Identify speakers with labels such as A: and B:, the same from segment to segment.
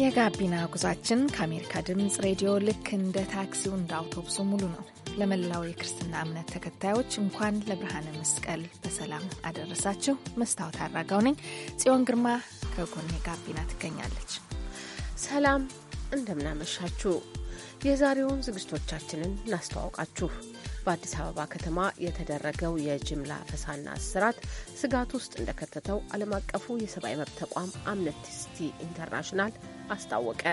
A: የጋቢና ጉዟችን ከአሜሪካ ድምፅ ሬዲዮ ልክ እንደ ታክሲው እንደ አውቶቡሱ ሙሉ ነው። ለመላው የክርስትና እምነት ተከታዮች እንኳን ለብርሃነ መስቀል በሰላም አደረሳችሁ። መስታወት አድራጋው ነኝ። ጽዮን ግርማ
B: ከጎኔ ጋቢና ትገኛለች። ሰላም እንደምናመሻችሁ። የዛሬውን ዝግጅቶቻችንን እናስተዋውቃችሁ። በአዲስ አበባ ከተማ የተደረገው የጅምላ ፈሳና እስራት ስጋት ውስጥ እንደከተተው ዓለም አቀፉ የሰብአዊ መብት ተቋም አምነስቲ ኢንተርናሽናል አስታወቀ።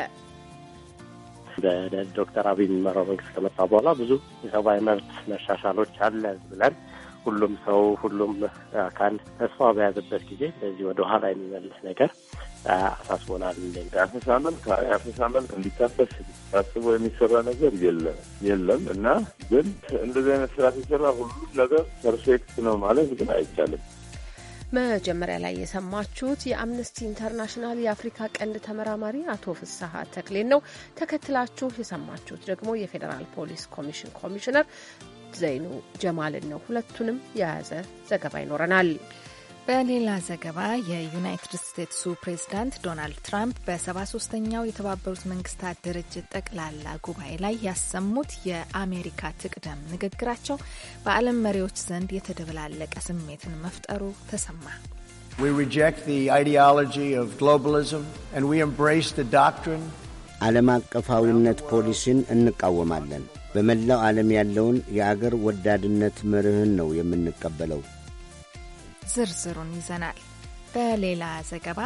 C: በዶክተር አብይ የሚመራው መንግስት ከመጣ በኋላ ብዙ የሰብአዊ መብት መሻሻሎች አለ ብለን ሁሉም ሰው ሁሉም አካል ተስፋ በያዘበት ጊዜ እንደዚህ ወደ ኋላ የሚመልስ
D: ነገር አሳስቦናል። አፈሳ መልክ አፈሳ መልክ እንዲታበስ ታስቦ የሚሰራ ነገር የለም የለም። እና ግን እንደዚህ አይነት ስራ ሲሰራ ሁሉም ነገር ፐርፌክት ነው ማለት ግን አይቻልም።
B: መጀመሪያ ላይ የሰማችሁት የአምነስቲ ኢንተርናሽናል የአፍሪካ ቀንድ ተመራማሪ አቶ ፍስሐ ተክሌን ነው። ተከትላችሁ የሰማችሁት ደግሞ የፌዴራል ፖሊስ ኮሚሽን ኮሚሽነር ዘይኑ ጀማልን ነው። ሁለቱንም የያዘ ዘገባ ይኖረናል። በሌላ ዘገባ የዩናይትድ
A: ስቴትሱ ፕሬዝዳንት ዶናልድ ትራምፕ በሰባ 73 የተባበሩት መንግስታት ድርጅት ጠቅላላ ጉባኤ ላይ ያሰሙት የአሜሪካ ትቅደም ንግግራቸው በዓለም መሪዎች ዘንድ የተደበላለቀ ስሜትን መፍጠሩ ተሰማ።
E: ዓለም አቀፋዊነት ፖሊሲን እንቃወማለን። በመላው ዓለም ያለውን የአገር ወዳድነት መርህን ነው የምንቀበለው።
A: ዝርዝሩን ይዘናል። በሌላ ዘገባ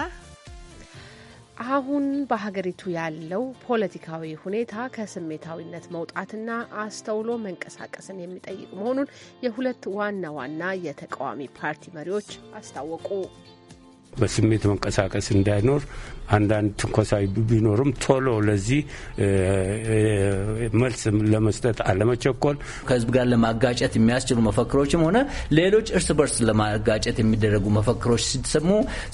B: አሁን በሀገሪቱ ያለው ፖለቲካዊ ሁኔታ ከስሜታዊነት መውጣትና አስተውሎ መንቀሳቀስን የሚጠይቅ መሆኑን የሁለት ዋና ዋና የተቃዋሚ ፓርቲ መሪዎች አስታወቁ።
F: በስሜት መንቀሳቀስ እንዳይኖር አንዳንድ ትንኮሳ ቢኖርም ቶሎ ለዚህ
G: መልስ ለመስጠት አለመቸኮል፣ ከህዝብ ጋር ለማጋጨት የሚያስችሉ መፈክሮችም ሆነ ሌሎች እርስ በርስ ለማጋጨት የሚደረጉ መፈክሮች ሲሰሙ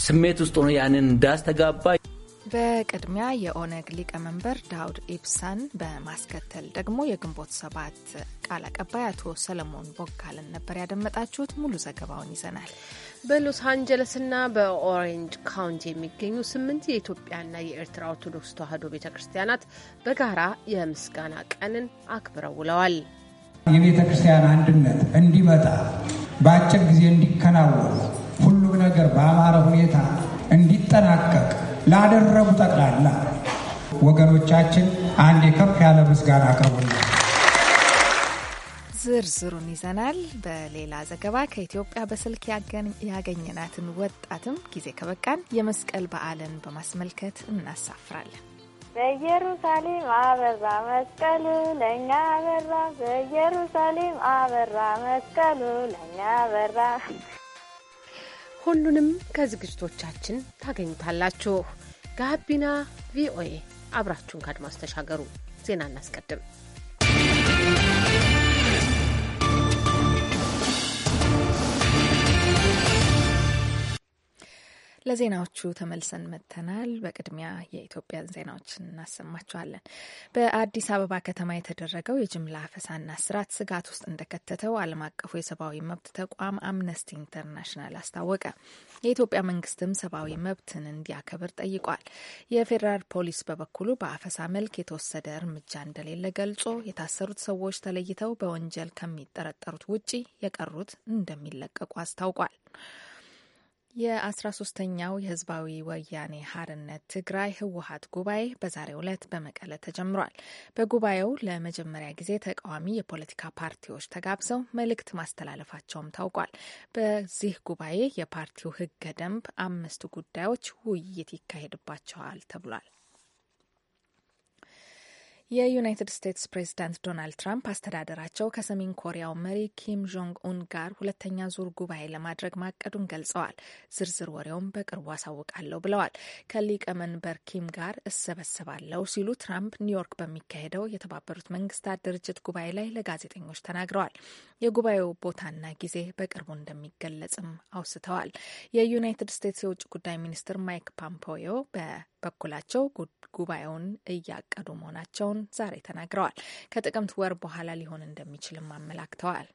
G: ስሜት ውስጥ ሆኖ ያንን እንዳስተጋባ
A: በቅድሚያ የኦነግ ሊቀመንበር ዳውድ ኢብሳን በማስከተል ደግሞ የግንቦት ሰባት ቃል አቀባይ አቶ ሰለሞን ቦጋለን ነበር ያደመጣችሁት። ሙሉ ዘገባውን ይዘናል።
B: በሎስ አንጀለስና በኦሬንጅ ካውንቲ የሚገኙ ስምንት የኢትዮጵያና የኤርትራ ኦርቶዶክስ ተዋሕዶ ቤተ ክርስቲያናት በጋራ የምስጋና ቀንን አክብረው ውለዋል።
G: የቤተ ክርስቲያን አንድነት እንዲመጣ በአጭር ጊዜ እንዲከናወን ሁሉም ነገር በአማረ ሁኔታ እንዲጠናቀቅ ላደረጉ ጠቅላላ ወገኖቻችን አንድ የከፍ ያለ ምስጋና አቅርቡልን።
A: ዝርዝሩን ይዘናል። በሌላ ዘገባ ከኢትዮጵያ በስልክ ያገኘናትን ወጣትም ጊዜ ከበቃን የመስቀል በዓልን በማስመልከት እናሳፍራለን።
C: በኢየሩሳሌም አበራ መስቀሉ ለእኛ በራ በኢየሩሳሌም አበራ መስቀሉ
B: ለእኛ በራ። ሁሉንም ከዝግጅቶቻችን ታገኙታላችሁ። ጋቢና ቪኦኤ አብራችሁን ከአድማስ ተሻገሩ። ዜና እናስቀድም። ለዜናዎቹ
A: ተመልሰን መጥተናል። በቅድሚያ የኢትዮጵያን ዜናዎችን እናሰማችኋለን። በአዲስ አበባ ከተማ የተደረገው የጅምላ አፈሳና ስርዓት ስጋት ውስጥ እንደከተተው ዓለም አቀፉ የሰብአዊ መብት ተቋም አምነስቲ ኢንተርናሽናል አስታወቀ። የኢትዮጵያ መንግስትም ሰብአዊ መብትን እንዲያከብር ጠይቋል። የፌዴራል ፖሊስ በበኩሉ በአፈሳ መልክ የተወሰደ እርምጃ እንደሌለ ገልጾ የታሰሩት ሰዎች ተለይተው በወንጀል ከሚጠረጠሩት ውጪ የቀሩት እንደሚለቀቁ አስታውቋል። የአስራ ሶስተኛው የህዝባዊ ወያኔ ሀርነት ትግራይ ህወሀት ጉባኤ በዛሬው ዕለት በመቀለ ተጀምሯል። በጉባኤው ለመጀመሪያ ጊዜ ተቃዋሚ የፖለቲካ ፓርቲዎች ተጋብዘው መልእክት ማስተላለፋቸውም ታውቋል። በዚህ ጉባኤ የፓርቲው ህገ ደንብ አምስት ጉዳዮች ውይይት ይካሄድባቸዋል ተብሏል። የዩናይትድ ስቴትስ ፕሬዚዳንት ዶናልድ ትራምፕ አስተዳደራቸው ከሰሜን ኮሪያው መሪ ኪም ጆንግ ኡን ጋር ሁለተኛ ዙር ጉባኤ ለማድረግ ማቀዱን ገልጸዋል። ዝርዝር ወሬውም በቅርቡ አሳውቃለሁ ብለዋል። ከሊቀመንበር ኪም ጋር እሰበሰባለሁ ሲሉ ትራምፕ ኒውዮርክ በሚካሄደው የተባበሩት መንግስታት ድርጅት ጉባኤ ላይ ለጋዜጠኞች ተናግረዋል። የጉባኤው ቦታና ጊዜ በቅርቡ እንደሚገለጽም አውስተዋል። የዩናይትድ ስቴትስ የውጭ ጉዳይ ሚኒስትር ማይክ ፓምፖዮ በበኩላቸው ጉባኤውን እያቀዱ መሆናቸውን መሆናቸውን ዛሬ ተናግረዋል። ከጥቅምት ወር በኋላ ሊሆን እንደሚችልም አመላክተዋል።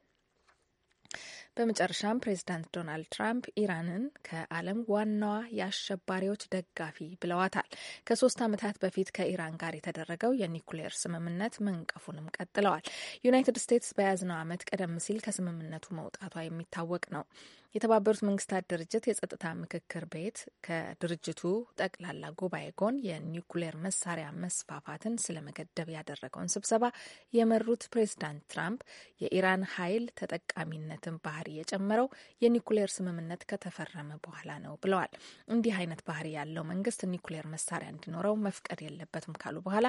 A: በመጨረሻም ፕሬዚዳንት ዶናልድ ትራምፕ ኢራንን ከዓለም ዋናዋ የአሸባሪዎች ደጋፊ ብለዋታል። ከሶስት ዓመታት በፊት ከኢራን ጋር የተደረገው የኒኩሌር ስምምነት መንቀፉንም ቀጥለዋል። ዩናይትድ ስቴትስ በያዝነው ዓመት ቀደም ሲል ከስምምነቱ መውጣቷ የሚታወቅ ነው። የተባበሩት መንግስታት ድርጅት የጸጥታ ምክክር ቤት ከድርጅቱ ጠቅላላ ጉባኤ ጎን የኒውክሌር መሳሪያ መስፋፋትን ስለመገደብ ያደረገውን ስብሰባ የመሩት ፕሬዚዳንት ትራምፕ የኢራን ኃይል ተጠቃሚነትን ባህሪ የጨመረው የኒውክሌር ስምምነት ከተፈረመ በኋላ ነው ብለዋል። እንዲህ አይነት ባህሪ ያለው መንግስት ኒውክሌር መሳሪያ እንዲኖረው መፍቀድ የለበትም ካሉ በኋላ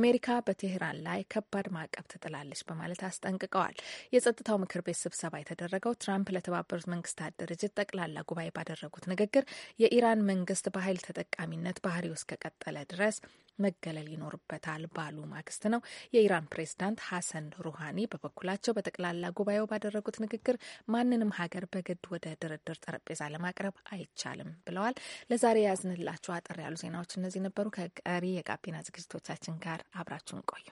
A: አሜሪካ በቴህራን ላይ ከባድ ማዕቀብ ትጥላለች በማለት አስጠንቅቀዋል። የጸጥታው ምክር ቤት ስብሰባ የተደረገው ትራምፕ ለተባበሩት መንግስታት መንግስታት ድርጅት ጠቅላላ ጉባኤ ባደረጉት ንግግር የኢራን መንግስት በኃይል ተጠቃሚነት ባህሪ ውስጥ ከቀጠለ ድረስ መገለል ይኖርበታል ባሉ ማግስት ነው። የኢራን ፕሬዝዳንት ሐሰን ሩሃኒ በበኩላቸው በጠቅላላ ጉባኤው ባደረጉት ንግግር ማንንም ሀገር በግድ ወደ ድርድር ጠረጴዛ ለማቅረብ አይቻልም ብለዋል። ለዛሬ ያዝንላቸው አጠር ያሉ ዜናዎች እነዚህ ነበሩ። ከቀሪ የጋቢና ዝግጅቶቻችን ጋር አብራችሁን ቆዩ።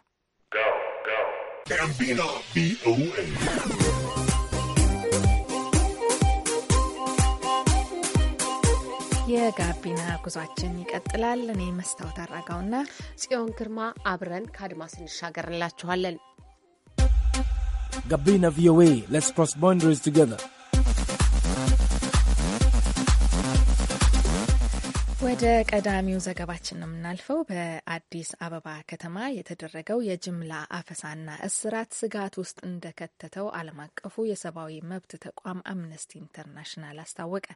A: የጋቢና ጉዟችን ይቀጥላል። እኔ መስታወት አራጋውና ጽዮን ግርማ አብረን ከአድማስ
B: እንሻገርላችኋለን።
A: ጋቢና ቪኦኤ ሌትስ ክሮስ ባውንደሪስ ቱጌዘር ወደ ቀዳሚው ዘገባችን ነው የምናልፈው። በአዲስ አበባ ከተማ የተደረገው የጅምላ አፈሳና እስራት ስጋት ውስጥ እንደከተተው ዓለም አቀፉ የሰብአዊ መብት ተቋም አምነስቲ ኢንተርናሽናል አስታወቀ።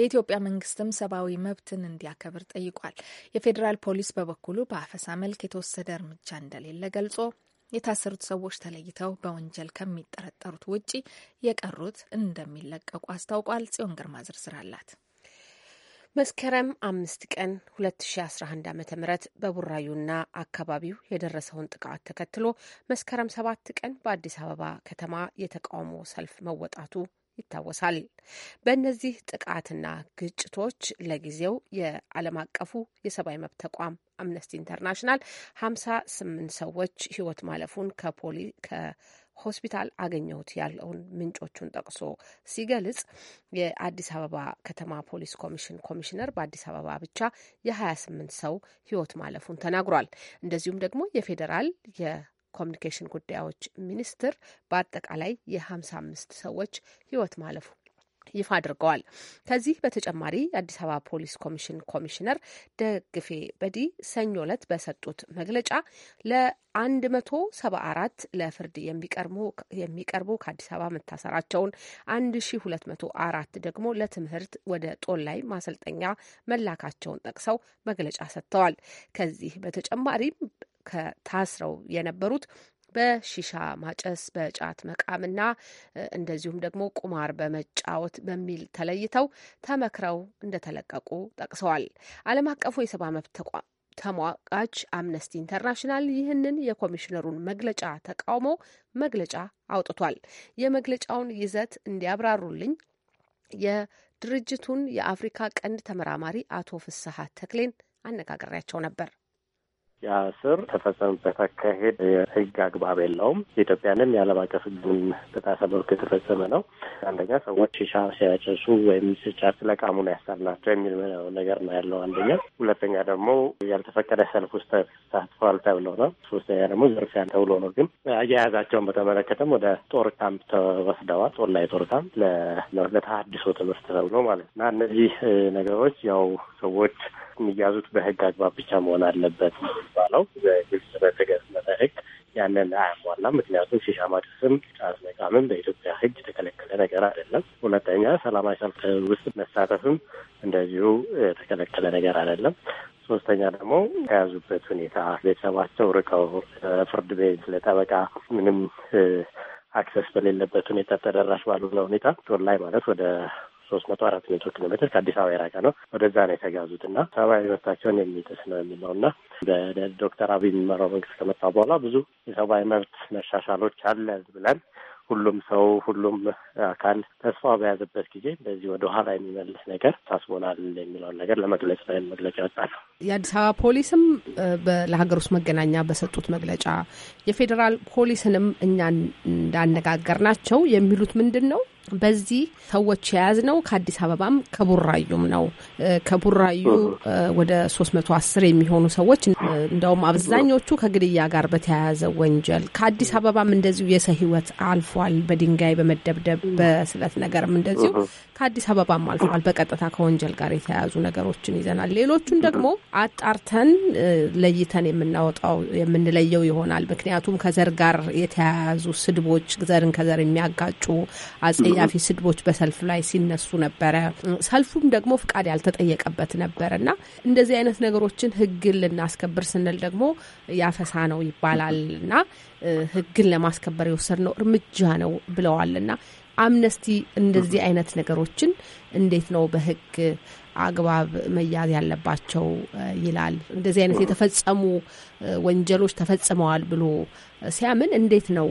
A: የኢትዮጵያ መንግስትም ሰብአዊ መብትን እንዲያከብር ጠይቋል። የፌዴራል ፖሊስ በበኩሉ በአፈሳ መልክ የተወሰደ እርምጃ እንደሌለ ገልጾ የታሰሩት ሰዎች ተለይተው በወንጀል ከሚጠረጠሩት ውጪ የቀሩት እንደሚለቀቁ አስታውቋል። ጽዮን ግርማ ዝርዝር አላት።
B: መስከረም አምስት ቀን 2011 ዓ ም በቡራዩና አካባቢው የደረሰውን ጥቃት ተከትሎ መስከረም ሰባት ቀን በአዲስ አበባ ከተማ የተቃውሞ ሰልፍ መወጣቱ ይታወሳል። በእነዚህ ጥቃትና ግጭቶች ለጊዜው የዓለም አቀፉ የሰብአዊ መብት ተቋም አምነስቲ ኢንተርናሽናል ስምንት ሰዎች ህይወት ማለፉን ከፖሊ ሆስፒታል አገኘሁት ያለውን ምንጮቹን ጠቅሶ ሲገልጽ የአዲስ አበባ ከተማ ፖሊስ ኮሚሽን ኮሚሽነር በአዲስ አበባ ብቻ የ28 ሰው ህይወት ማለፉን ተናግሯል። እንደዚሁም ደግሞ የፌዴራል የኮሚኒኬሽን ጉዳዮች ሚኒስትር በአጠቃላይ የ55 ሰዎች ህይወት ማለፉ ይፋ አድርገዋል። ከዚህ በተጨማሪ የአዲስ አበባ ፖሊስ ኮሚሽን ኮሚሽነር ደግፌ በዲ ሰኞ ዕለት በሰጡት መግለጫ ለ174 ለፍርድ የሚቀርቡ ከአዲስ አበባ መታሰራቸውን፣ 1204 ደግሞ ለትምህርት ወደ ጦላይ ማሰልጠኛ መላካቸውን ጠቅሰው መግለጫ ሰጥተዋል። ከዚህ በተጨማሪም ከታስረው የነበሩት በሺሻ ማጨስ፣ በጫት መቃምና እንደዚሁም ደግሞ ቁማር በመጫወት በሚል ተለይተው ተመክረው እንደተለቀቁ ጠቅሰዋል። ዓለም አቀፉ የሰብአዊ መብት ተቋም ተሟጋች አምነስቲ ኢንተርናሽናል ይህንን የኮሚሽነሩን መግለጫ ተቃውሞ መግለጫ አውጥቷል። የመግለጫውን ይዘት እንዲያብራሩልኝ የድርጅቱን የአፍሪካ ቀንድ ተመራማሪ አቶ ፍስሀ ተክሌን አነጋግሬያቸው ነበር።
C: ያ እስር ተፈጸመበት አካሄድ የህግ አግባብ የለውም። ኢትዮጵያንም የዓለም አቀፍ ህግን በጣሰ መልኩ የተፈጸመ ነው። አንደኛ ሰዎች ሻ ሲያጨሱ ወይም ሲጫት ለቃሙን ያሳል ናቸው የሚል ነገር ነው ያለው አንደኛ። ሁለተኛ ደግሞ ያልተፈቀደ ሰልፍ ውስጥ ተሳትፈዋል ተብሎ ነው። ሶስተኛ ደግሞ ዝርፊያ ተብሎ ነው። ግን አያያዛቸውን በተመለከተም ወደ ጦር ካምፕ ተወስደዋል። ጦር ላይ ጦር ካምፕ ለተሀድሶ ትምህርት ተብሎ ማለት ነው እና እነዚህ ነገሮች ያው ሰዎች የሚያዙት በህግ አግባብ ብቻ መሆን አለበት
D: የሚባለው በግልጽ በተቀመጠ ህግ
C: ያንን አያሟላ። ምክንያቱም ሺሻ ማጨስም
D: ጫት መቃምም በኢትዮጵያ
C: ህግ የተከለከለ ነገር አይደለም። ሁለተኛ ሰላማዊ ሰልፍ ውስጥ መሳተፍም እንደዚሁ የተከለከለ ነገር አይደለም። ሶስተኛ ደግሞ ከያዙበት ሁኔታ ቤተሰባቸው ርቀው ፍርድ ቤት ለጠበቃ ምንም አክሰስ በሌለበት ሁኔታ ተደራሽ ባልሆነ ሁኔታ ቶን ላይ ማለት ወደ ሶስት መቶ አራት መቶ ኪሎ ሜትር ከአዲስ አበባ የራቀ ነው። ወደዛ ነው የተጋዙት እና ሰብአዊ መብታቸውን የሚጥስ ነው የሚለው እና በዶክተር አብይ የሚመራው መንግስት ከመጣ በኋላ ብዙ የሰብአዊ መብት መሻሻሎች አለ ብለን ሁሉም ሰው ሁሉም አካል ተስፋ በያዘበት ጊዜ በዚህ ወደ ኋላ የሚመልስ ነገር ታስቦናል የሚለውን ነገር ለመግለጽ ላይ መግለጫ ወጣ ነው።
B: የአዲስ አበባ ፖሊስም ለሀገር ውስጥ መገናኛ በሰጡት መግለጫ የፌዴራል ፖሊስንም እኛ እንዳነጋገር ናቸው የሚሉት ምንድን ነው በዚህ ሰዎች የያዝ ነው ከአዲስ አበባም ከቡራዩም ነው። ከቡራዩ ወደ ሶስት መቶ አስር የሚሆኑ ሰዎች እንደውም አብዛኞቹ ከግድያ ጋር በተያያዘ ወንጀል ከአዲስ አበባም እንደዚሁ የሰው ሕይወት አልፏል። በድንጋይ በመደብደብ በስለት ነገርም እንደዚሁ ከአዲስ አበባም አልፏል። በቀጥታ ከወንጀል ጋር የተያያዙ ነገሮችን ይዘናል። ሌሎቹን ደግሞ አጣርተን ለይተን የምናወጣው የምንለየው ይሆናል። ምክንያቱም ከዘር ጋር የተያያዙ ስድቦች፣ ዘርን ከዘር የሚያጋጩ አጼ አስጸያፊ ስድቦች በሰልፍ ላይ ሲነሱ ነበረ። ሰልፉም ደግሞ ፍቃድ ያልተጠየቀበት ነበር እና እንደዚህ አይነት ነገሮችን ህግን ልናስከብር ስንል ደግሞ ያፈሳ ነው ይባላል እና ህግን ለማስከበር የወሰድነው እርምጃ ነው ብለዋል እና አምነስቲ እንደዚህ አይነት ነገሮችን እንዴት ነው በህግ አግባብ መያዝ ያለባቸው ይላል። እንደዚህ አይነት የተፈጸሙ ወንጀሎች ተፈጽመዋል ብሎ ሲያምን እንዴት ነው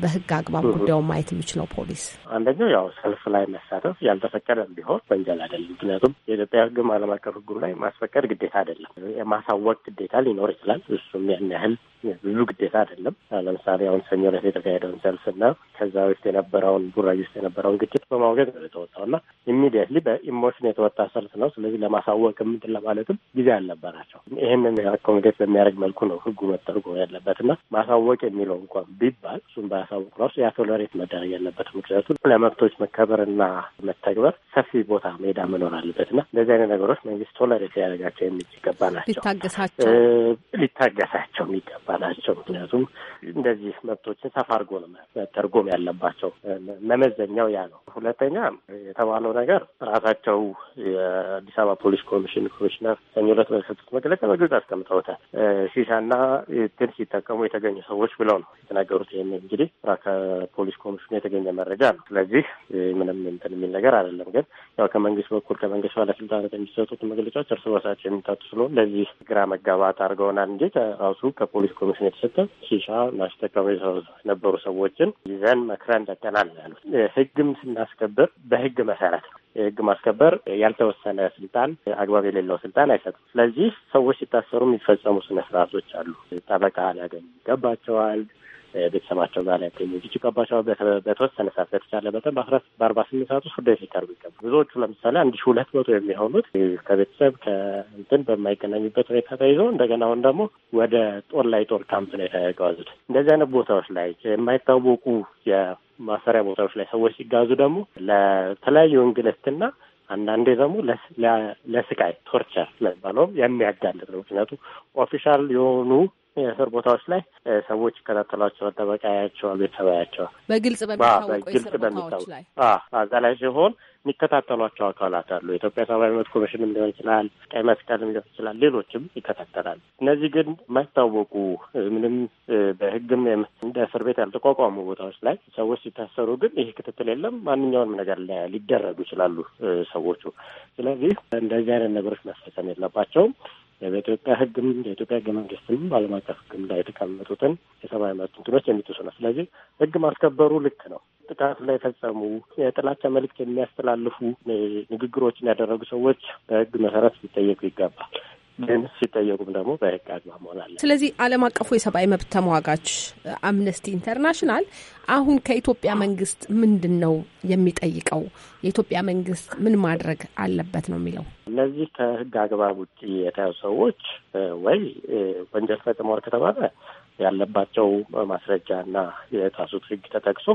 B: በህግ አግባብ ጉዳዩን ማየት የሚችለው ፖሊስ?
C: አንደኛው ያው ሰልፍ ላይ መሳተፍ ያልተፈቀደም ቢሆን ወንጀል አይደለም። ምክንያቱም የኢትዮጵያ ህግም ዓለም አቀፍ ህጉም ላይ ማስፈቀድ ግዴታ አይደለም። የማሳወቅ ግዴታ ሊኖር ይችላል። እሱም ያን ያህል ብዙ ግዴታ አይደለም። ለምሳሌ አሁን ሰኞ ዕለት የተካሄደውን ሰልፍና ከዛ ውስጥ የነበረውን ቡራጅ ውስጥ የነበረውን ግጭት በማውገዝ ነው የተወጣው እና ኢሚዲየትሊ በኢሞሽን የተወጣ ሰልፍ ነው። ስለዚህ ለማሳወቅ ምንትን ለማለትም ጊዜ አልነበራቸው። ይህንን አኮሚዴት በሚያደርግ መልኩ ነው ህጉ መተርጎም ያለበት እና ማሳወቅ የሚለው እንኳን ቢባል እሱም ባያሳውቅ ራሱ ያ ቶለሬት መደረግ ያለበት ምክንያቱም ለመብቶች መከበርና መተግበር ሰፊ ቦታ ሜዳ መኖር አለበት እና እንደዚህ አይነት ነገሮች መንግስት ቶለሬት ሊያደርጋቸው የሚገባ ናቸው።
B: ሊታገሳቸው
C: ሊታገሳቸው የሚገባ ናቸው። ምክንያቱም እንደዚህ መብቶችን ሰፋ አድርጎ ነው መተርጎም ያለባቸው። መመዘኛው ያ ነው። ሁለተኛ የተባለው ነገር ራሳቸው የአዲስ አበባ ፖሊስ ኮሚሽን ኮሚሽነር ሰኞ ዕለት በሰጡት መግለጫ በግልጽ አስቀምጠውታል። የሺሻና ቴል ሲጠቀሙ የተገኙ ሰዎች ብለው ነው የተናገሩት። ይህም እንግዲህ ከፖሊስ ኮሚሽኑ የተገኘ መረጃ ነው። ስለዚህ ምንም እንትን የሚል ነገር አይደለም። ግን ያው ከመንግስት በኩል ከመንግስት ባለስልጣናት የሚሰጡት መግለጫዎች እርስ በርሳቸው የሚታጡ ስለሆነ ለዚህ ግራ መጋባት አድርገውናል እንጂ ራሱ ከፖሊስ ኮሚሽኑ የተሰጠ ሺሻ ማስጠቀሙ የነበሩ ሰዎችን ይዘን መክረን ለቀናል ያሉት ህግም ስናስከብር በህግ መሰረት ነው። የህግ ማስከበር ያልተወሰነ ስልጣን አግባብ የሌለው ስልጣን አይሰጥም። ስለዚህ ሰዎች ሲታሰሩ የሚፈጸሙ ስነስርዓት ወራቶች አሉ። ጠበቃ ሊያገኙ ይገባቸዋል። ቤተሰባቸው ጋር ያገኙ ሊያገኙ ይገባቸዋል። በተወሰነ ሰዓት በተቻለ መጠን በአስራ በአርባ ስምንት ሰዓት ውስጥ ፍርድ ቤት ሊቀርቡ ይገባል። ብዙዎቹ ለምሳሌ አንድ ሺ ሁለት መቶ የሚሆኑት ከቤተሰብ ከእንትን በማይገናኙበት ሁኔታ ተይዞ እንደገና አሁን ደግሞ ወደ ጦር ላይ ጦር ካምፕ ነው የተጓዙት። እንደዚህ አይነት ቦታዎች ላይ የማይታወቁ የማሰሪያ ቦታዎች ላይ ሰዎች ሲጋዙ ደግሞ ለተለያዩ እንግልትና አንዳንዴ ደግሞ ለስቃይ ቶርቸር ለሚባለውም የሚያጋልጥ ነው። ምክንያቱም ኦፊሻል የሆኑ የእስር ቦታዎች ላይ ሰዎች ይከታተሏቸዋል፣ ጠበቃ ያያቸዋል፣ ቤተሰብ ያያቸዋል።
B: በግልጽ በሚታወቁ ላይ
C: እዛ ላይ ሲሆን የሚከታተሏቸው አካላት አሉ። የኢትዮጵያ ሰብአዊ መብት ኮሚሽንም ሊሆን ይችላል፣ ቀይ መስቀልም ሊሆን ይችላል፣ ሌሎችም ይከታተላል። እነዚህ ግን የማይታወቁ ምንም በህግም እንደ እስር ቤት ያልተቋቋሙ ቦታዎች ላይ ሰዎች ሲታሰሩ ግን ይህ ክትትል የለም። ማንኛውንም ነገር ሊደረጉ ይችላሉ ሰዎቹ። ስለዚህ እንደዚህ አይነት ነገሮች መፈጸም የለባቸውም። በኢትዮጵያ ህግም በኢትዮጵያ ህገ መንግስትም በዓለም አቀፍ ህግም ላይ የተቀመጡትን የሰብአዊ መብት እንትኖች የሚጥሱ ነው። ስለዚህ ህግ ማስከበሩ ልክ ነው። ጥቃት ላይ የፈጸሙ የጥላቻ መልእክት የሚያስተላልፉ ንግግሮችን ያደረጉ ሰዎች በህግ መሰረት ሊጠየቁ ይገባል። ግን ሲጠየቁም ደግሞ በህግ አግባብ መሆን አለ።
B: ስለዚህ ዓለም አቀፉ የሰብአዊ መብት ተሟጋች አምነስቲ ኢንተርናሽናል አሁን ከኢትዮጵያ መንግስት ምንድን ነው የሚጠይቀው? የኢትዮጵያ መንግስት ምን ማድረግ አለበት ነው የሚለው።
C: እነዚህ ከህግ አግባብ ውጭ የተያዙ ሰዎች ወይ ወንጀል ፈጽመዋል ከተባለ ያለባቸው ማስረጃና የጣሱት ህግ ተጠቅሶ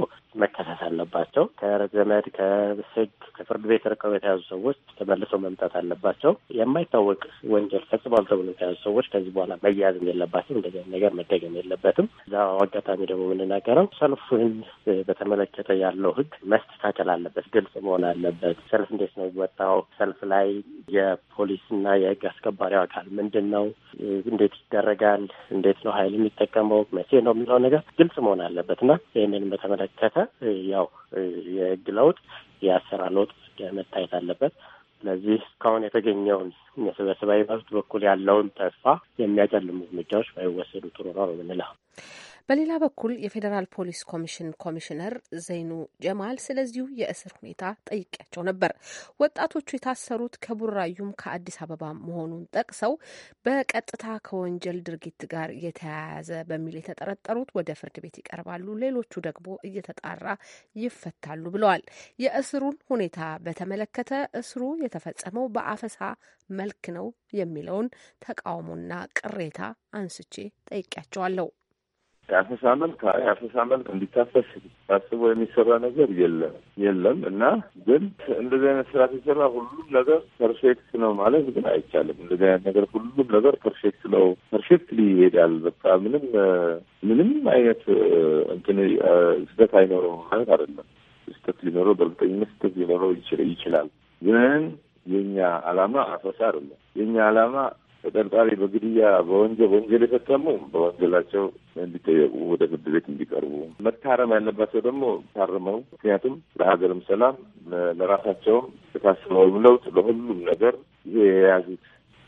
C: መከሰስ አለባቸው። ከዘመድ ከሕግ ከፍርድ ቤት ርቀው የተያዙ ሰዎች ተመልሰው መምጣት አለባቸው። የማይታወቅ ወንጀል ፈጽሟል ተብሎ የተያዙ ሰዎች ከዚህ በኋላ መያዝም የለባቸው። እንደዚ ነገር መደገም የለበትም። እዛ አጋጣሚ ደግሞ የምንናገረው ሰልፍን በተመለከተ ያለው ህግ መስተካከል አለበት፣ ግልጽ መሆን አለበት። ሰልፍ እንዴት ነው የሚወጣው? ሰልፍ ላይ የፖሊስና የህግ አስከባሪው አካል ምንድን ነው? እንዴት ይደረጋል? እንዴት ነው ኃይል የሚጠ የምንጠቀመው መቼ ነው የሚለው ነገር ግልጽ መሆን አለበት እና ይህንን በተመለከተ ያው የህግ ለውጥ የአሰራር ለውጥ መታየት አለበት። ስለዚህ እስካሁን የተገኘውን የሰብአዊ መብት በኩል ያለውን ተስፋ የሚያጨልሙ እርምጃዎች ባይወሰዱ ጥሩ ነው ነው የምንለው
B: በሌላ በኩል የፌዴራል ፖሊስ ኮሚሽን ኮሚሽነር ዘይኑ ጀማል ስለዚሁ የእስር ሁኔታ ጠይቄያቸው ነበር። ወጣቶቹ የታሰሩት ከቡራዩም ከአዲስ አበባ መሆኑን ጠቅሰው በቀጥታ ከወንጀል ድርጊት ጋር የተያያዘ በሚል የተጠረጠሩት ወደ ፍርድ ቤት ይቀርባሉ፣ ሌሎቹ ደግሞ እየተጣራ ይፈታሉ ብለዋል። የእስሩን ሁኔታ በተመለከተ እስሩ የተፈጸመው በአፈሳ መልክ ነው የሚለውን ተቃውሞና ቅሬታ አንስቼ ጠይቄያቸዋለሁ።
D: የአፈሳ መልክ የአፈሳ መልክ እንዲታፈስ ታስቦ የሚሰራ ነገር የለም የለም። እና ግን እንደዚህ አይነት ስራ ሲሰራ ሁሉም ነገር ፐርፌክት ነው ማለት ግን አይቻልም። እንደዚህ አይነት ነገር ሁሉም ነገር ፐርፌክት ነው ፐርፌክት ይሄዳል። በቃ ምንም ምንም አይነት እንትን ስህተት አይኖረው ማለት አይደለም። ስህተት ሊኖረው በእርግጠኝነት ስህተት ሊኖረው ይችላል። ግን የእኛ አላማ አፈሳ አይደለም። የእኛ አላማ ተጠርጣሪ በግድያ በወንጀል ወንጀል የፈጸሙ በወንጀላቸው እንዲጠየቁ ወደ ፍርድ ቤት እንዲቀርቡ፣ መታረም ያለባቸው ደግሞ ታርመው፣ ምክንያቱም ለሀገርም ሰላም ለራሳቸውም የታስበውም ለውጥ ለሁሉም ነገር ይሄ የያዙት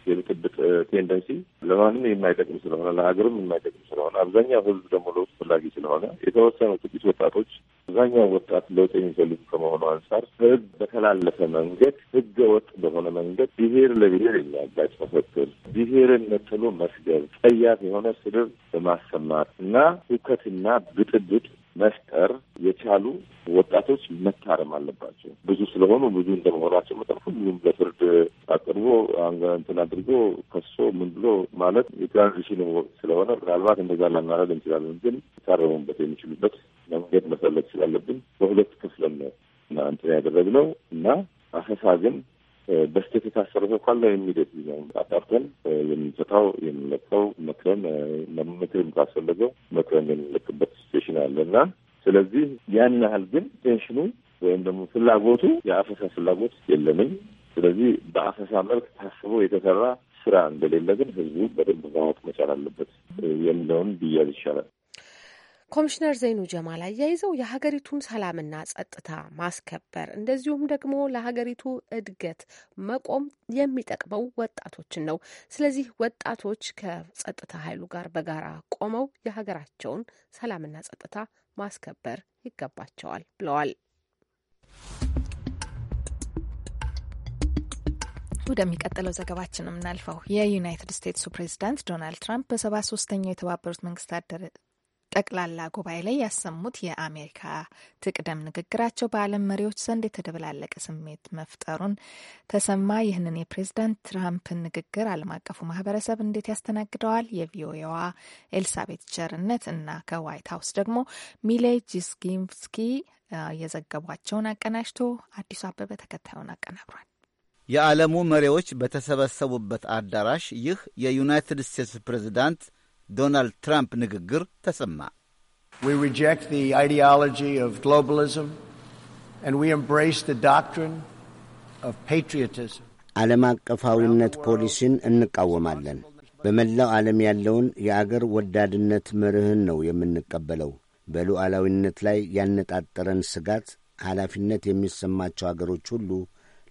D: የብጥብጥ ቴንደንሲ ለማንም የማይጠቅም ስለሆነ ለሀገርም የማይጠቅም ስለሆነ አብዛኛው ህዝብ ደግሞ ለውጥ ፈላጊ ስለሆነ የተወሰኑ ጥቂት ወጣቶች አብዛኛው ወጣት ለውጥ የሚፈልጉ ከመሆኑ አንጻር ህግ በተላለፈ መንገድ ህገ ወጥ በሆነ መንገድ ብሄር ለብሄር የሚያጋጭ መፈክር፣ ብሄርን ነጥሎ መስደብ፣ ጸያፍ የሆነ ስድብ በማሰማት እና ሁከትና ብጥብጥ መፍጠር የቻሉ ወጣቶች መታረም አለባቸው። ብዙ ስለሆኑ ብዙ እንደመሆናቸው መጠን ሁሉም ለፍርድ አቅርቦ እንትን አድርጎ ከሶ ምን ብሎ ማለት የትራንዚሽን ስለሆነ ምናልባት እንደዛ ላናረግ እንችላለን፣ ግን ታረሙበት የሚችሉበት ለመንገድ መፈለግ ስላለብን በሁለት ክፍለን ነው እንትን ያደረግነው እና አፈሳ ግን በስቴት የታሰረ ሰው ካለ የሚደት ነው አጣርተን የምንፈታው የምንለቀው መክረን ምክርም ካስፈለገው መክረን የምንለቅበት ስቴሽን አለ እና ስለዚህ ያን ያህል ግን ቴንሽኑ ወይም ደግሞ ፍላጎቱ የአፈሳ ፍላጎት የለንም። ስለዚህ በአፈሳ መልክ ታስቦ የተሰራ ስራ እንደሌለ ግን ህዝቡ በደንብ ማወቅ መቻል አለበት የሚለውን ብያዝ ይሻላል።
B: ኮሚሽነር ዘይኑ ጀማል አያይዘው የሀገሪቱን ሰላምና ጸጥታ ማስከበር እንደዚሁም ደግሞ ለሀገሪቱ እድገት መቆም የሚጠቅመው ወጣቶችን ነው። ስለዚህ ወጣቶች ከጸጥታ ኃይሉ ጋር በጋራ ቆመው የሀገራቸውን ሰላምና ጸጥታ ማስከበር ይገባቸዋል ብለዋል። ወደሚቀጥለው ዘገባችን
A: የምናልፈው የዩናይትድ ስቴትሱ ፕሬዚዳንት ዶናልድ ትራምፕ በሰባ ሶስተኛው የተባበሩት መንግስታት ጠቅላላ ጉባኤ ላይ ያሰሙት የአሜሪካ ትቅደም ንግግራቸው በዓለም መሪዎች ዘንድ የተደበላለቀ ስሜት መፍጠሩን ተሰማ። ይህንን የፕሬዝዳንት ትራምፕን ንግግር ዓለም አቀፉ ማህበረሰብ እንዴት ያስተናግደዋል? የቪኦኤዋ ኤልሳቤት ቸርነት እና ከዋይት ሀውስ ደግሞ ሚሌ ጂስጊምስኪ የዘገቧቸውን አቀናጅቶ አዲሱ አበበ ተከታዩን አቀናብሯል።
H: የዓለሙ መሪዎች በተሰበሰቡበት አዳራሽ ይህ የዩናይትድ ስቴትስ ፕሬዝዳንት ዶናልድ ትራምፕ ንግግር ተሰማ።
E: ዓለም አቀፋዊነት ፖሊሲን እንቃወማለን። በመላው ዓለም ያለውን የአገር ወዳድነት መርህን ነው የምንቀበለው። በሉዓላዊነት ላይ ያነጣጠረን ስጋት ኃላፊነት የሚሰማቸው አገሮች ሁሉ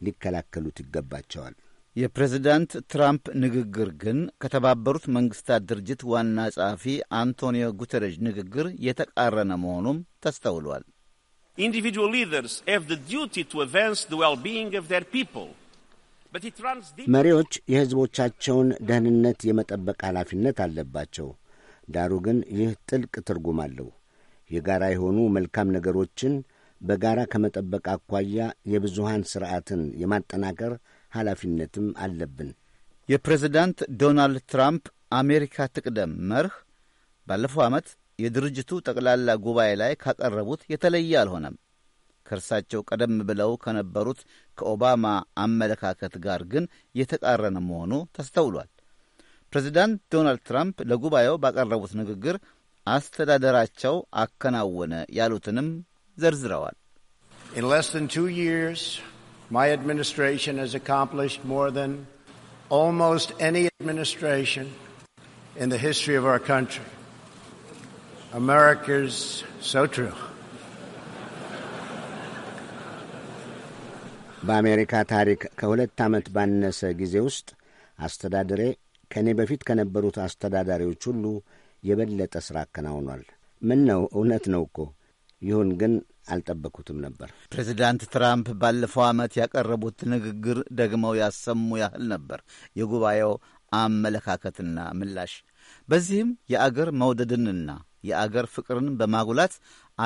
E: ሊከላከሉት ይገባቸዋል።
H: የፕሬዝዳንት ትራምፕ ንግግር ግን ከተባበሩት መንግስታት ድርጅት ዋና ጸሐፊ አንቶኒዮ ጉተረዥ ንግግር የተቃረነ መሆኑም ተስተውሏል። መሪዎች
E: የሕዝቦቻቸውን ደህንነት የመጠበቅ ኃላፊነት አለባቸው። ዳሩ ግን ይህ ጥልቅ ትርጉም አለው። የጋራ የሆኑ መልካም ነገሮችን በጋራ ከመጠበቅ አኳያ የብዙሃን ሥርዓትን የማጠናከር ኃላፊነትም አለብን።
H: የፕሬዝዳንት ዶናልድ ትራምፕ አሜሪካ ትቅደም መርህ ባለፈው ዓመት የድርጅቱ ጠቅላላ ጉባኤ ላይ ካቀረቡት የተለየ አልሆነም። ከእርሳቸው ቀደም ብለው ከነበሩት ከኦባማ አመለካከት ጋር ግን የተቃረነ መሆኑ ተስተውሏል። ፕሬዚዳንት ዶናልድ ትራምፕ ለጉባኤው ባቀረቡት ንግግር አስተዳደራቸው አከናወነ ያሉትንም ዘርዝረዋል። In less than two years, My administration has accomplished more than almost
E: any administration in the history of our country. America's so true. በአሜሪካ ታሪክ ከሁለት ዓመት ባነሰ ጊዜ ውስጥ አስተዳደሬ ከእኔ በፊት ከነበሩት አስተዳዳሪዎች ሁሉ የበለጠ ሥራ አከናውኗል። ምን ነው እውነት ነው እኮ። ይሁን ግን አልጠበኩትም ነበር።
H: ፕሬዚዳንት ትራምፕ ባለፈው ዓመት ያቀረቡት ንግግር ደግመው ያሰሙ ያህል ነበር የጉባኤው አመለካከትና ምላሽ። በዚህም የአገር መውደድንና የአገር ፍቅርን በማጉላት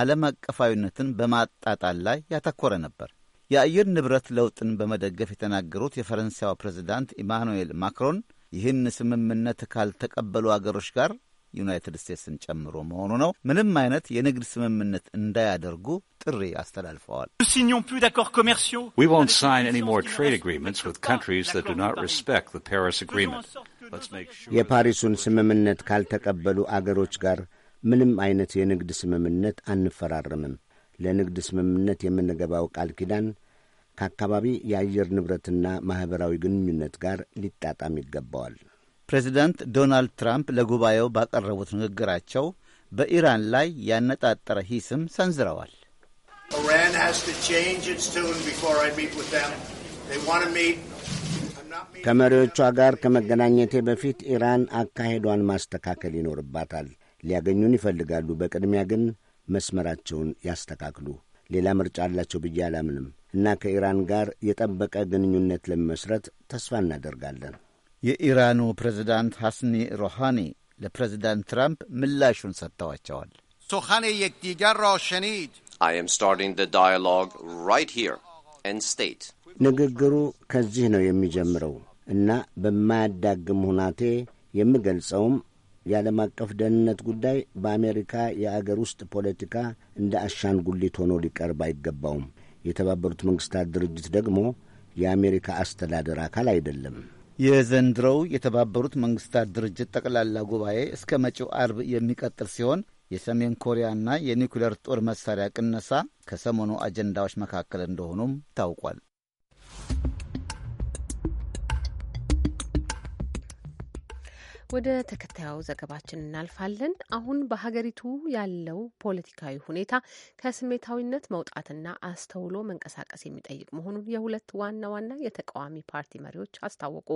H: ዓለም አቀፋዊነትን በማጣጣል ላይ ያተኮረ ነበር። የአየር ንብረት ለውጥን በመደገፍ የተናገሩት የፈረንሳዩ ፕሬዚዳንት ኢማኑኤል ማክሮን ይህን ስምምነት ካልተቀበሉ አገሮች ጋር ዩናይትድ ስቴትስን ጨምሮ መሆኑ ነው። ምንም አይነት የንግድ ስምምነት እንዳያደርጉ ጥሪ አስተላልፈዋል።
E: የፓሪሱን ስምምነት ካልተቀበሉ አገሮች ጋር ምንም አይነት የንግድ ስምምነት አንፈራረምም። ለንግድ ስምምነት የምንገባው ቃል ኪዳን ከአካባቢ የአየር ንብረትና ማኅበራዊ ግንኙነት ጋር ሊጣጣም
H: ይገባዋል። ፕሬዚዳንት ዶናልድ ትራምፕ ለጉባኤው ባቀረቡት ንግግራቸው በኢራን ላይ ያነጣጠረ ሂስም ሰንዝረዋል። ከመሪዎቿ ጋር
E: ከመገናኘቴ በፊት ኢራን አካሄዷን ማስተካከል ይኖርባታል። ሊያገኙን ይፈልጋሉ። በቅድሚያ ግን መስመራቸውን ያስተካክሉ። ሌላ ምርጫ አላቸው ብዬ አላምንም እና ከኢራን ጋር የጠበቀ ግንኙነት ለመመስረት ተስፋ እናደርጋለን።
H: የኢራኑ ፕሬዝዳንት ሐስኒ ሮሃኒ ለፕሬዝዳንት ትራምፕ ምላሹን ሰጥተዋቸዋል። سخن یکدیگر را شنید I am starting the dialogue right here
E: ንግግሩ ከዚህ ነው የሚጀምረው እና በማያዳግም ሁናቴ የምገልጸውም የዓለም አቀፍ ደህንነት ጉዳይ በአሜሪካ የአገር ውስጥ ፖለቲካ እንደ አሻንጉሊት ሆኖ ሊቀርብ አይገባውም። የተባበሩት መንግሥታት ድርጅት ደግሞ የአሜሪካ አስተዳደር አካል አይደለም።
H: የዘንድሮው የተባበሩት መንግስታት ድርጅት ጠቅላላ ጉባኤ እስከ መጪው አርብ የሚቀጥል ሲሆን የሰሜን ኮሪያና የኒኩሌር ጦር መሳሪያ ቅነሳ ከሰሞኑ አጀንዳዎች መካከል እንደሆኑም ታውቋል።
B: ወደ ተከታዩ ዘገባችን እናልፋለን። አሁን በሀገሪቱ ያለው ፖለቲካዊ ሁኔታ ከስሜታዊነት መውጣትና አስተውሎ መንቀሳቀስ የሚጠይቅ መሆኑን የሁለት ዋና ዋና የተቃዋሚ ፓርቲ መሪዎች አስታወቁ።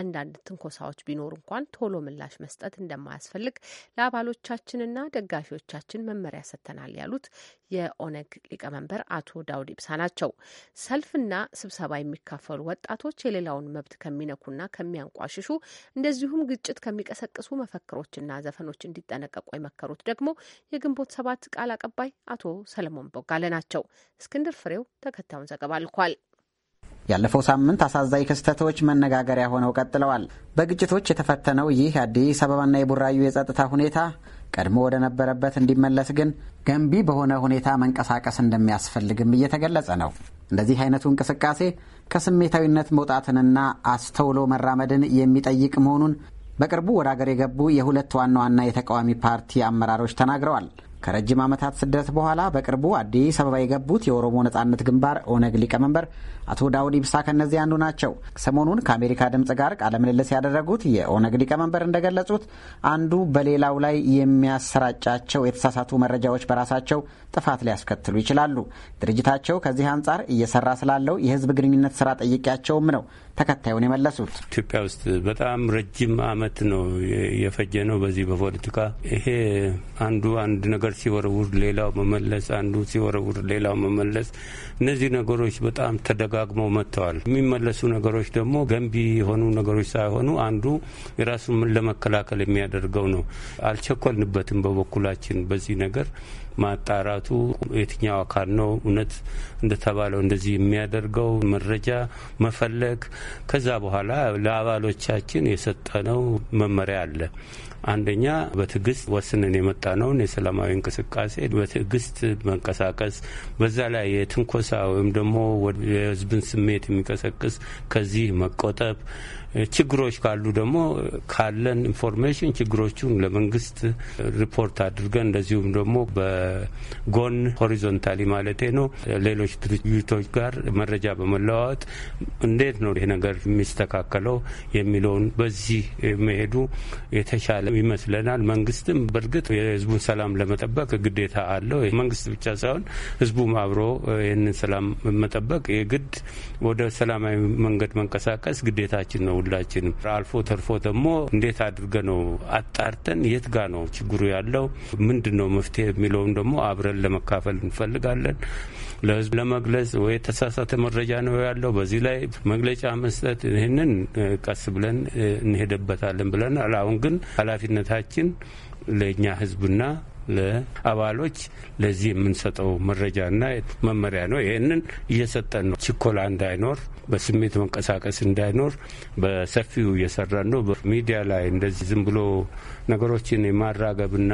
B: አንዳንድ ትንኮሳዎች ቢኖሩ እንኳን ቶሎ ምላሽ መስጠት እንደማያስፈልግ ለአባሎቻችንና ደጋፊዎቻችን መመሪያ ሰጥተናል ያሉት የኦነግ ሊቀመንበር አቶ ዳውድ ኢብሳ ናቸው። ሰልፍና ስብሰባ የሚካፈሉ ወጣቶች የሌላውን መብት ከሚነኩና ከሚያንቋሽሹ እንደዚሁም ግጭት ከሚቀሰቅሱ መፈክሮችና ዘፈኖች እንዲጠነቀቁ የመከሩት ደግሞ የግንቦት ሰባት ቃል አቀባይ አቶ ሰለሞን ቦጋለ ናቸው። እስክንድር ፍሬው ተከታዩን ዘገባ ልኳል።
I: ያለፈው ሳምንት አሳዛኝ ክስተቶች መነጋገሪያ ሆነው ቀጥለዋል። በግጭቶች የተፈተነው ይህ አዲስ አበባና የቡራዩ የጸጥታ ሁኔታ ቀድሞ ወደ ነበረበት እንዲመለስ ግን ገንቢ በሆነ ሁኔታ መንቀሳቀስ እንደሚያስፈልግም እየተገለጸ ነው። እንደዚህ አይነቱ እንቅስቃሴ ከስሜታዊነት መውጣትንና አስተውሎ መራመድን የሚጠይቅ መሆኑን በቅርቡ ወደ አገር የገቡ የሁለት ዋና ዋና የተቃዋሚ ፓርቲ አመራሮች ተናግረዋል። ከረጅም ዓመታት ስደት በኋላ በቅርቡ አዲስ አበባ የገቡት የኦሮሞ ነጻነት ግንባር ኦነግ ሊቀመንበር አቶ ዳውድ ኢብሳ ከእነዚህ አንዱ ናቸው። ሰሞኑን ከአሜሪካ ድምፅ ጋር ቃለምልልስ ያደረጉት የኦነግ ሊቀመንበር እንደገለጹት አንዱ በሌላው ላይ የሚያሰራጫቸው የተሳሳቱ መረጃዎች በራሳቸው ጥፋት ሊያስከትሉ ይችላሉ። ድርጅታቸው ከዚህ አንጻር እየሰራ ስላለው የህዝብ ግንኙነት ስራ ጠይቄያቸውም ነው ተከታዩን የመለሱት።
F: ኢትዮጵያ ውስጥ በጣም ረጅም አመት ነው የፈጀ ነው በዚህ በፖለቲካ ይሄ አንዱ አንድ ነገር ነገር ሲወረውር ሌላው መመለስ፣ አንዱ ሲወረውር ሌላው መመለስ፣ እነዚህ ነገሮች በጣም ተደጋግመው መጥተዋል። የሚመለሱ ነገሮች ደግሞ ገንቢ የሆኑ ነገሮች ሳይሆኑ አንዱ የራሱን ምን ለመከላከል የሚያደርገው ነው። አልቸኮልንበትም። በበኩላችን በዚህ ነገር ማጣራቱ የትኛው አካል ነው እውነት እንደተባለው እንደዚህ የሚያደርገው መረጃ መፈለግ ከዛ በኋላ ለአባሎቻችን የሰጠነው መመሪያ አለ። አንደኛ በትዕግስት ወስንን ነውን የሰላማዊ እንቅስቃሴ በትዕግስት መንቀሳቀስ፣ በዛ ላይ የትንኮሳ ወይም ደግሞ የህዝብን ስሜት የሚቀሰቅስ ከዚህ መቆጠብ ችግሮች ካሉ ደግሞ ካለን ኢንፎርሜሽን ችግሮቹን ለመንግስት ሪፖርት አድርገን እንደዚሁም ደግሞ በጎን ሆሪዞንታሊ ማለት ነው ሌሎች ድርጅቶች ጋር መረጃ በመለዋወጥ እንዴት ነው ይሄ ነገር የሚስተካከለው የሚለውን በዚህ መሄዱ የተሻለ ይመስለናል። መንግስትም በእርግጥ የህዝቡን ሰላም ለመጠበቅ ግዴታ አለው። መንግስት ብቻ ሳይሆን ህዝቡም አብሮ ይህንን ሰላም መጠበቅ የግድ ወደ ሰላማዊ መንገድ መንቀሳቀስ ግዴታችን ነው ሁላችንም። አልፎ ተርፎ ደግሞ እንዴት አድርገ ነው አጣርተን የት ጋ ነው ችግሩ ያለው ምንድን ነው መፍትሄ የሚለውም ደግሞ አብረን ለመካፈል እንፈልጋለን። ለህዝብ ለመግለጽ ወይ የተሳሳተ መረጃ ነው ያለው በዚህ ላይ መግለጫ መስጠት ይህንን ቀስ ብለን እንሄደበታለን ብለናል። አሁን ግን ኃላፊነታችን ለእኛ ህዝብና ለአባሎች ለዚህ የምንሰጠው መረጃና መመሪያ ነው። ይህንን እየሰጠን ነው። ችኮላ እንዳይኖር፣ በስሜት መንቀሳቀስ እንዳይኖር በሰፊው እየሰራን ነው። በሚዲያ ላይ እንደዚህ ዝም ብሎ ነገሮችን የማራገብና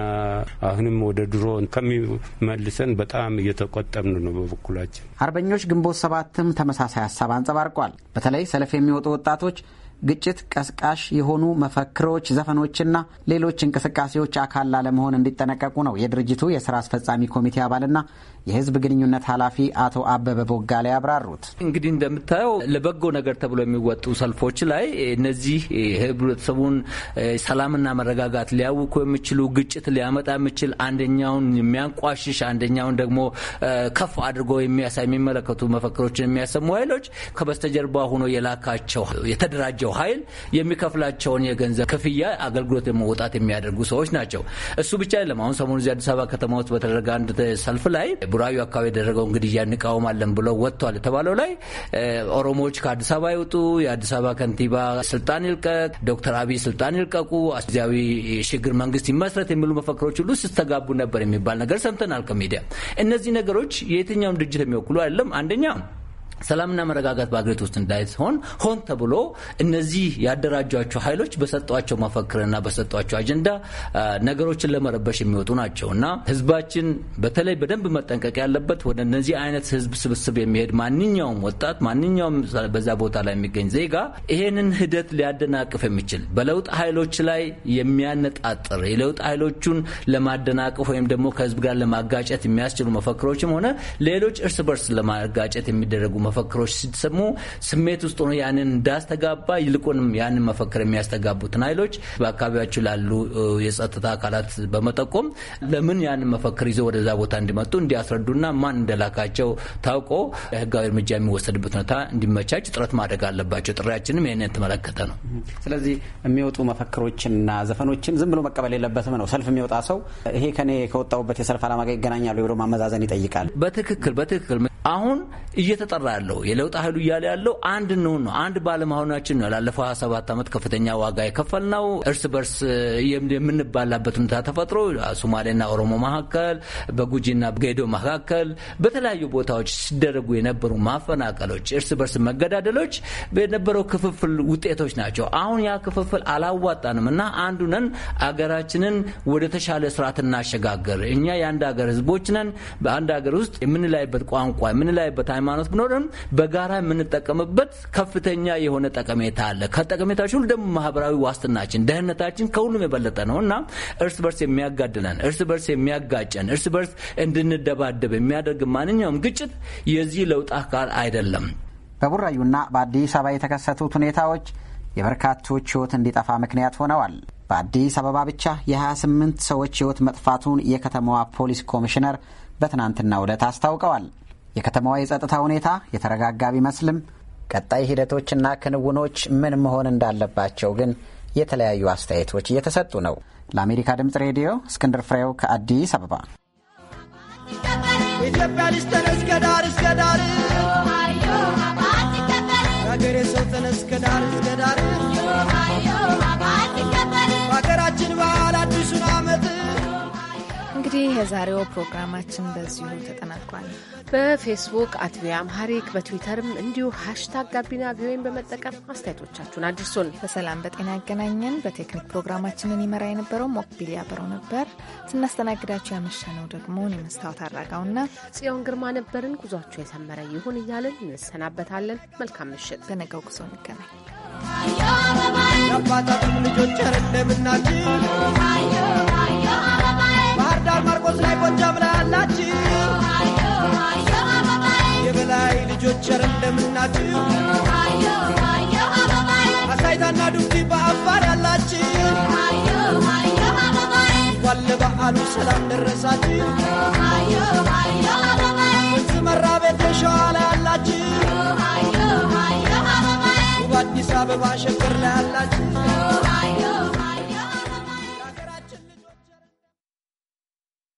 F: አሁንም
I: ወደ ድሮ ከሚመልሰን በጣም እየተቆጠብን ነው። በበኩላችን አርበኞች ግንቦት ሰባትም ተመሳሳይ ሀሳብ አንጸባርቋል። በተለይ ሰልፍ የሚወጡ ወጣቶች ግጭት ቀስቃሽ የሆኑ መፈክሮች፣ ዘፈኖችና ሌሎች እንቅስቃሴዎች አካል ላለመሆን እንዲጠነቀቁ ነው የድርጅቱ የስራ አስፈጻሚ ኮሚቴ አባልና የህዝብ ግንኙነት ኃላፊ አቶ አበበ ቦጋ ላይ ያብራሩት።
G: እንግዲህ እንደምታየው ለበጎ ነገር ተብሎ የሚወጡ ሰልፎች ላይ እነዚህ ህብረተሰቡን ሰላምና መረጋጋት ሊያውኩ የሚችሉ ግጭት ሊያመጣ የሚችል አንደኛውን የሚያንቋሽሽ አንደኛውን ደግሞ ከፍ አድርጎ የሚያሳ የሚመለከቱ መፈክሮችን የሚያሰሙ ኃይሎች ከበስተጀርባ ሆኖ የላካቸው የተደራጀ የሚያደርጋቸው ኃይል የሚከፍላቸውን የገንዘብ ክፍያ አገልግሎት የመውጣት የሚያደርጉ ሰዎች ናቸው። እሱ ብቻ አይደለም። አሁን ሰሞኑ እዚህ አዲስ አበባ ከተማ ውስጥ በተደረገ አንድ ሰልፍ ላይ ቡራዩ አካባቢ የደረገውን ግድያ እንቃወማለን ብለው ወጥቷል የተባለው ላይ ኦሮሞዎች ከአዲስ አበባ ይውጡ፣ የአዲስ አበባ ከንቲባ ስልጣን ይልቀቅ፣ ዶክተር አብይ ስልጣን ይልቀቁ፣ ጊዜያዊ ሽግግር መንግስት ይመስረት የሚሉ መፈክሮች ሁሉ ሲስተጋቡ ነበር የሚባል ነገር ሰምተናል ከሚዲያ። እነዚህ ነገሮች የትኛውን ድርጅት የሚወክሉ አይደለም አንደኛ ሰላምና መረጋጋት በአገሪቱ ውስጥ እንዳይሆን ሆን ተብሎ እነዚህ ያደራጇቸው ኃይሎች በሰጧቸው መፈክርና በሰጧቸው አጀንዳ ነገሮችን ለመረበሽ የሚወጡ ናቸው እና ህዝባችን በተለይ በደንብ መጠንቀቅ ያለበት ወደ እነዚህ አይነት ህዝብ ስብስብ የሚሄድ ማንኛውም ወጣት፣ ማንኛውም በዛ ቦታ ላይ የሚገኝ ዜጋ ይሄንን ሂደት ሊያደናቅፍ የሚችል በለውጥ ኃይሎች ላይ የሚያነጣጥር የለውጥ ኃይሎቹን ለማደናቅፍ ወይም ደግሞ ከህዝብ ጋር ለማጋጨት የሚያስችሉ መፈክሮችም ሆነ ሌሎች እርስ በርስ ለማጋጨት የሚደረጉ መፈክሮች ሲሰሙ ስሜት ውስጥ ሆኖ ያንን እንዳስተጋባ ይልቁንም ያንን መፈክር የሚያስተጋቡትን ኃይሎች በአካባቢያቸው ላሉ የጸጥታ አካላት በመጠቆም ለምን ያንን መፈክር ይዘው ወደዛ ቦታ እንዲመጡ እንዲያስረዱና ማን እንደላካቸው ታውቆ ህጋዊ እርምጃ የሚወሰድበት ሁኔታ እንዲመቻች ጥረት ማድረግ አለባቸው። ጥሪያችንም ይህን የተመለከተ ነው።
I: ስለዚህ የሚወጡ መፈክሮችንና ዘፈኖችን ዝም ብሎ መቀበል የለበትም ነው። ሰልፍ የሚወጣ ሰው ይሄ ከኔ ከወጣሁበት የሰልፍ ዓላማ ጋር ይገናኛሉ ብሎ ማመዛዘን ይጠይቃል።
G: በትክክል በትክክል አሁን እየተጠራ ያለው የለውጥ ኃይሉ እያለ ያለው አንድ እንሁን ነው። አንድ ባለመሆናችን ነው ላለፈው 27 ዓመት ከፍተኛ ዋጋ የከፈልነው። እርስ በርስ የምንባላበት ሁኔታ ተፈጥሮ ሶማሌና ኦሮሞ መካከል፣ በጉጂና ጌዶ መካከል በተለያዩ ቦታዎች ሲደረጉ የነበሩ ማፈናቀሎች፣ እርስ በርስ መገዳደሎች የነበረው ክፍፍል ውጤቶች ናቸው። አሁን ያ ክፍፍል አላዋጣንም እና አንዱ ነን አገራችንን ወደ ተሻለ ስርዓት እናሸጋገር። እኛ የአንድ ሀገር ህዝቦች ነን። በአንድ ሀገር ውስጥ የምንላይበት ቋንቋ የምንላይበት ሃይማኖት ብኖርም በጋራ የምንጠቀምበት ከፍተኛ የሆነ ጠቀሜታ አለ። ከጠቀሜታዎች ሁሉ ደግሞ ማህበራዊ ዋስትናችን፣ ደህንነታችን ከሁሉም የበለጠ ነው እና እርስ በርስ የሚያጋድለን፣ እርስ በርስ የሚያጋጨን፣ እርስ በርስ እንድንደባደብ የሚያደርግ ማንኛውም ግጭት የዚህ ለውጥ አካል አይደለም።
I: በቡራዩና በአዲስ አበባ የተከሰቱት ሁኔታዎች የበርካቶች ህይወት እንዲጠፋ ምክንያት ሆነዋል። በአዲስ አበባ ብቻ የ28 ሰዎች ህይወት መጥፋቱን የከተማዋ ፖሊስ ኮሚሽነር በትናንትናው ዕለት አስታውቀዋል። የከተማዋ የጸጥታ ሁኔታ የተረጋጋ ቢመስልም ቀጣይ ሂደቶችና ክንውኖች ምን መሆን እንዳለባቸው ግን የተለያዩ አስተያየቶች እየተሰጡ ነው። ለአሜሪካ ድምፅ ሬዲዮ እስክንድር ፍሬው ከአዲስ አበባ። ኢትዮጵያ ልጅ ተነስ ከዳር እስከ ዳር ሀገሬ ሰው ተነስ ከዳር እስከ ዳር
A: እንግዲህ የዛሬው ፕሮግራማችን በዚሁ ተጠናቋል። በፌስቡክ አት ቪኦኤ አምሃሪክ በትዊተርም እንዲሁ ሀሽታግ ጋቢና ቪኦኤን በመጠቀም አስተያየቶቻችሁን አድርሱን። በሰላም በጤና ያገናኘን። በቴክኒክ ፕሮግራማችንን ይመራ የነበረው ሞክቢል ያበረው ነበር። ስናስተናግዳቸው
B: ያመሸነው ደግሞ የመስታወት አድራጋውና ጽዮን ግርማ ነበርን። ጉዟችሁ የሰመረ ይሁን እያልን እንሰናበታለን። መልካም ምሽት። በነገው ጉዞ እንገናኝ።
I: ልጆች ዳር ማርቆስ ላይ ጎጃም ላይ አላችሁ የበላይ ልጆች
G: ቸር እንደምናችሁ አሳይታና ዱብቲ በአፋር ያላችሁ እንኳን ለበዓሉ ሰላም ደረሳችሁ። ወንዝ ቤት ሸዋ ላይ ያላችሁ ውብ አበባ ሸገር ላይ ያላችሁ